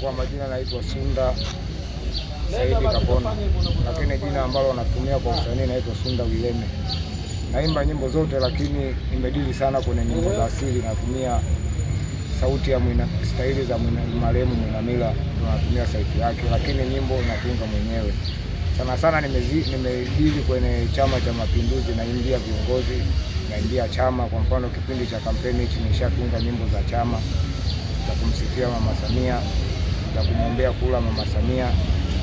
kwa majina naitwa Sunda Saidi Kapona, lakini jina ambalo natumia kwa usanii naitwa Sunda Wileme. Naimba nyimbo zote, lakini nimedili sana kwenye nyimbo za asili. Natumia sauti ya mwina, staili za marehemu Mwinamila natumia sauti yake, lakini nyimbo natunga mwenyewe sana sana. Nimedili kwenye Chama cha Mapinduzi, naimbia viongozi, naimbia chama. Kwa mfano kipindi cha kampeni hichi nishatunga nyimbo za chama za kumsifia Mama Samia za kumwombea kula Mama Samia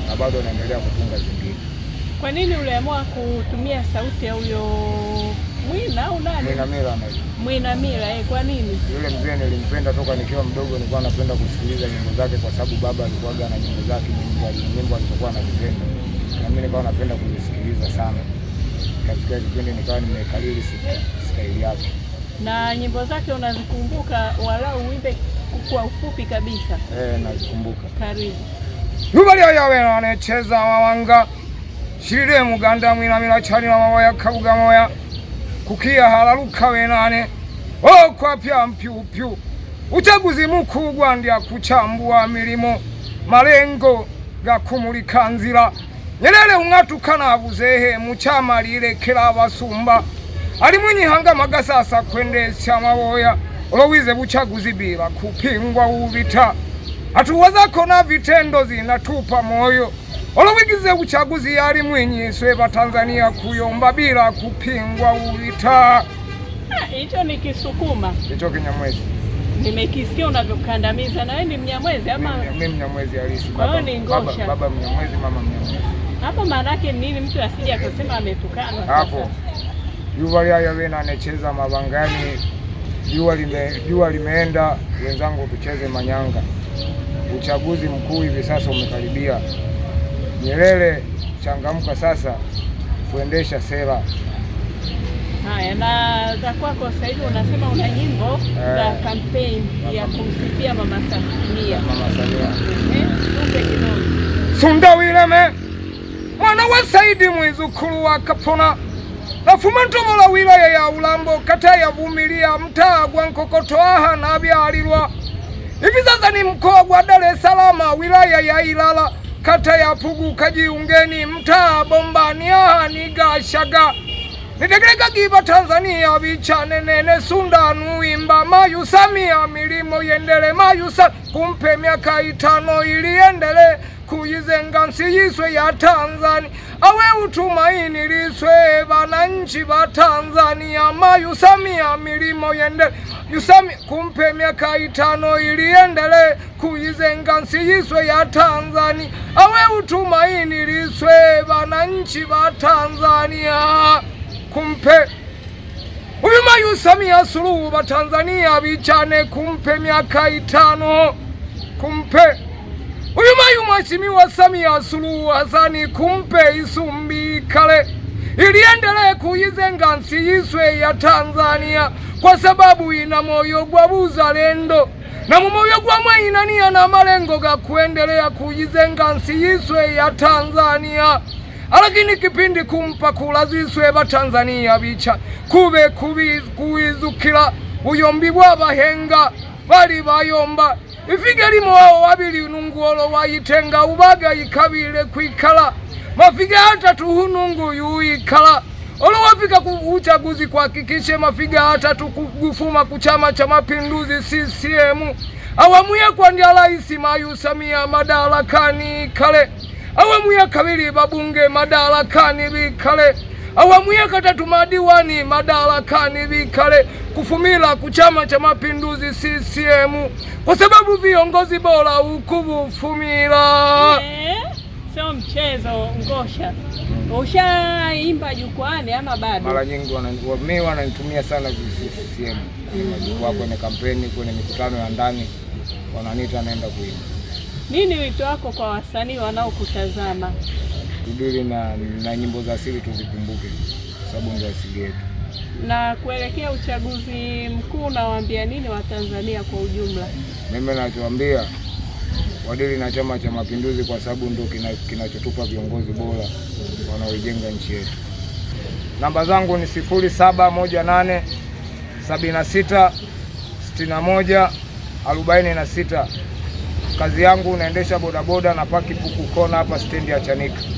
na bado anaendelea kutunga zingine. Kwa nini uliamua kutumia sauti ya huyo Mwina au nani? Mwinamila na Mwinamila, eh, kwa nini? Yule mzee nilimpenda toka nikiwa mdogo, nilikuwa napenda kusikiliza nyimbo zake kwa sababu baba alikuwa na nyimbo zake nyingi, nyimbo alizokuwa anazipenda. Na mimi nilikuwa napenda kuzisikiliza sana. Katika kipindi nikawa nimekalili staili yake. Na nyimbo zake unazikumbuka walau uimbe kwa ufupi kabisa. Eh, nazikumbuka. Karibu. Nyumba leo yawe nanecheza mawanga shirire muganda mwinamira cyane mabaya kabuga moya kukia halaruka wenane oh kwa pia mpiu pyu uchaguzi mkuu gwandya kuchambua milimo malengo gakumulika nzira Nyerere umwatuka buzehe muchama kila abasumba ali mwinyi hanga magasasa kwendesya maboya ulowize buchaguzi bila kupingwa uvita, hatua zako na vitendo zinatupa moyo. Olowigize uchaguzi yali Mwinyi swe Tanzania kuyomba bila kupingwa uvita. Ah, hicho ni Kisukuma, hicho Kinyamwezi. Nimekisikia unavyokandamiza na wewe ni Mnyamwezi ama? Mimi Mnyamwezi halisi. Baba, baba, baba Mnyamwezi, mama Mnyamwezi. Hapo maana yake nini? Mtu asije akasema ametukana. Hapo. Yuvalia yawe na anacheza mabangani jua lime, jua limeenda, wenzangu, tucheze manyanga. Uchaguzi mkuu hivi sasa umekaribia. Nyerere, changamka sasa, kuendesha sera. Haya, na za kwako sasa hivi unasema una nyimbo eh, za kampeni ya kumsifia Mama Samia. Mama Samia. Eh, Sundawileme mwana wa Saidi mwizukuru wa Kapona lafuma ntomola wilaya ya ulambo kata ya vumilia mtaa gwa nkokoto aha nabyalilwa hivi sasa ni mkoa gwa Dar es Salaam wilaya ya Ilala kata ya Pugu kajiungeni mtaa ni aha gashaga nidegereka giba Tanzania vichanenene sunda nuimba mayu Samia milimo yendele mayu sa kumpe miaka itano endele kuyizenga nsi yiswe ya Tanzania awe utumaini liswe wananchi wa Tanzania, mayusamia milimo yende yusami kumpe miaka itano iliendele kuizenga nsi yiswe ya Tanzania, awe utumaini liswe wananchi wa Tanzania, kumpe uyu mayusamia suluhu wa Tanzania vichane kumpe miaka itano, kumpe uyu mayu mweshimiwa Samia Suluhu Hasani, kumpe iliendelee kuyizenga nsi yiswe ya Tanzania kwa sababu ina moyo gwa buzalendo na mumoyo gwa ina na malengo ga kuendelea kuyizenga nsi yiswe ya Tanzania alakini kipindi kumpa ba tanzania bicha kube kuwizukila buyombi bahenga bali bayomba ifiga limo wao wabili olo wayitenga ubaga yikabile kwikala mafiga atatu hunungu yuyikala olowafika uchaguzi kuhakikishe mafiga atatu kugufuma kuchama cha mapinduzi CCM awamu yakwa ndya Raisi Mayu Samia madarakani kale awamu ya kabili babunge madarakani bikale awamu yekatatumadiwani madarakani vikale kufumila kuchama cha mapinduzi CCM kwa sababu viongozi bora ukuvufumila. Eh, sio mchezo. Ngosha, ushaimba jukwani ama bado? Mara nyingi mimi wananitumia sana CCM mm. kwa kwenye kampeni, kwenye mikutano ya ndani wananiita naenda kuimba. Nini wito wako kwa wasanii wanaokutazama? tudili na, na nyimbo za asili tuzikumbuke, kwa sababu ndio asili yetu. Na kuelekea uchaguzi mkuu, nawaambia nini Watanzania kwa ujumla? Mimi nachoambia wadili na Chama cha Mapinduzi kwa sababu ndio kinachotupa kina viongozi bora wanaoijenga nchi yetu. Namba zangu ni sifuri saba moja nane sabini na sita sitini na moja arobaini na sita. Kazi yangu unaendesha bodaboda na paki puku kona hapa stendi ya Chanika.